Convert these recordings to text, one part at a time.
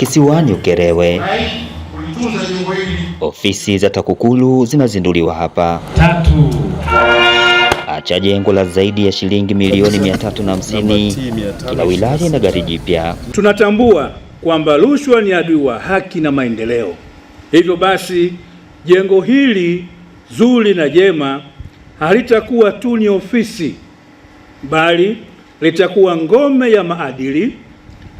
Kisiwani Ukerewe, ofisi za TAKUKULU zinazinduliwa hapa Tatu. Acha jengo la zaidi ya shilingi milioni 350 kila wilaya na gari jipya. Tunatambua kwamba rushwa ni adui wa haki na maendeleo, hivyo basi jengo hili zuri na jema halitakuwa tu ni ofisi, bali litakuwa ngome ya maadili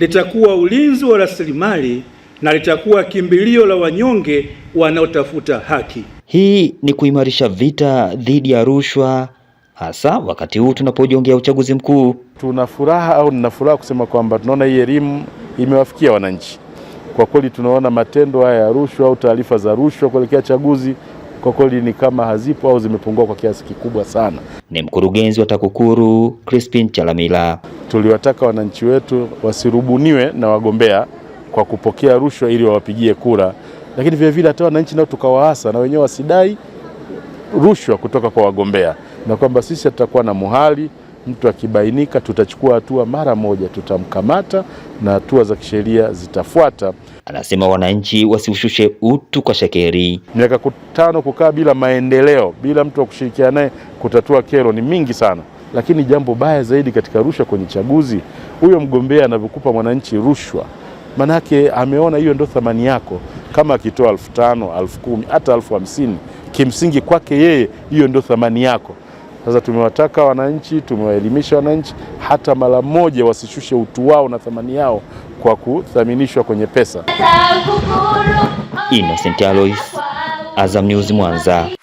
litakuwa ulinzi wa rasilimali na litakuwa kimbilio la wanyonge wanaotafuta haki. Hii ni kuimarisha vita dhidi ya rushwa, hasa wakati huu tunapojongea uchaguzi mkuu. Tuna furaha au nina furaha kusema kwamba tunaona hii elimu imewafikia wananchi. Kwa kweli tunaona matendo haya ya rushwa au taarifa za rushwa kuelekea chaguzi kwa kweli ni kama hazipo au zimepungua kwa kiasi kikubwa sana. Ni mkurugenzi wa TAKUKURU Crispin Chalamila tuliwataka wananchi wetu wasirubuniwe na wagombea kwa kupokea rushwa ili wawapigie kura, lakini vilevile hata wananchi nao tukawaasa na wenyewe wasidai rushwa kutoka kwa wagombea, na kwamba sisi tutakuwa na muhali, mtu akibainika tutachukua hatua mara moja, tutamkamata na hatua za kisheria zitafuata. Anasema wananchi wasiushushe utu kwa shekeri. Miaka tano kukaa bila maendeleo, bila mtu wa kushirikiana naye kutatua kero ni mingi sana. Lakini jambo baya zaidi katika rushwa kwenye chaguzi, huyo mgombea anavyokupa mwananchi rushwa, manake ameona hiyo ndo thamani yako. Kama akitoa elfu tano elfu kumi hata elfu hamsini kimsingi kwake yeye hiyo ndo thamani yako. Sasa tumewataka wananchi, tumewaelimisha wananchi, hata mara moja wasishushe utu wao na thamani yao kwa kuthaminishwa kwenye pesa. Innocent Alois, Azam News, Mwanza.